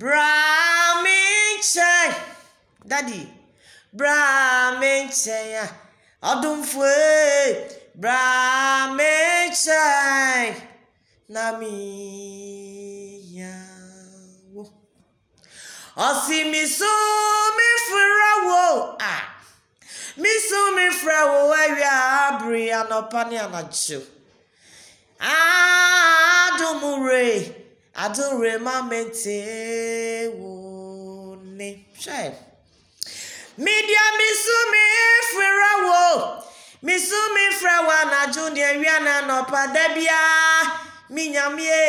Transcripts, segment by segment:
brahminkyɛn dadi brahminkyɛn a ɔdomfoe brahminkyɛn na meyia wo ɔsi mi so mi fura wo a mi so mi fura wo awia abiri anɔpa ne anagyew Ah adúre má mẹ́tẹ́ wò ni. media misumi firawo misumi frawa na junior wiana nọpa debia minyamie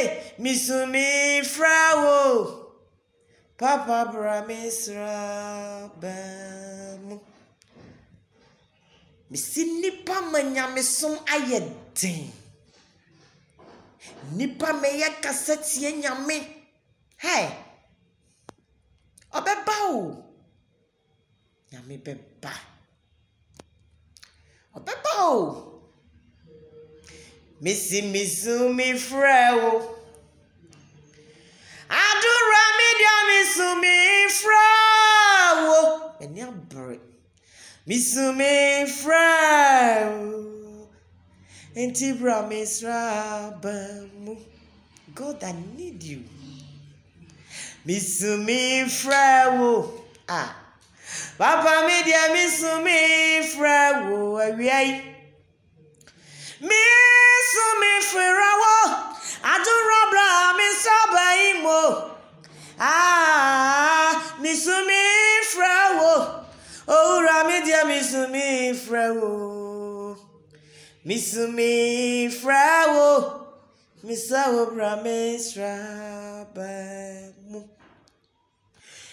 misumi frawo papa bramisra bẹẹmu misi nipa manyamesom ayɛ den nipa mɛyɛ kasa tie nyame hɛ ɔbɛba o nyame bɛba ɔbɛba o mesi misu mi frɛ o adura mi dia misu mi frɛ o ɛni abere misu mi frɛ o. Nti bramis rabamu. God, I need you. Misumi frewo. Ah. Papa mi dia misumi frewo awiai. Misumi frewo. I do mi soba imo. Ah, misumi frewo. Owura mi dia misumi frewo. Misumi frawo, misawo bramisra bamu.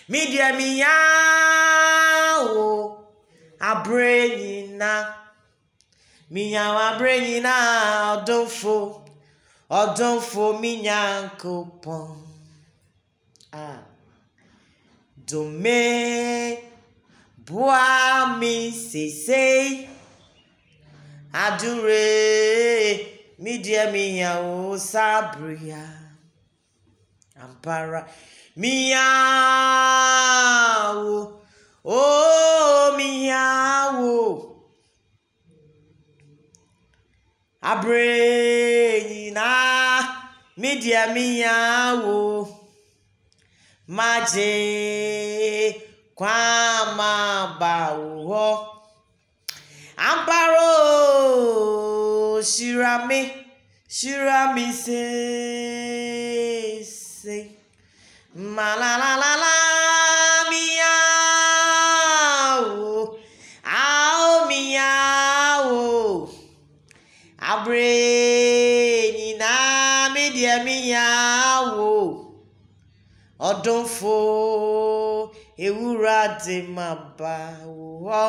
Media miyawo, abrenyina. Miyawo abrenyina, odonfo, odonfo minyankopon. Ah. Dome, boa say say adure midia miya o sabria ampara miya o o miya o abrenyina midia miya o maje kwama ba o amparo oh, Shirami, Shirami say, say, ma la la la la. ọdúnfò ewúrà dè má bá wọ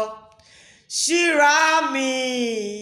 ṣíra mi.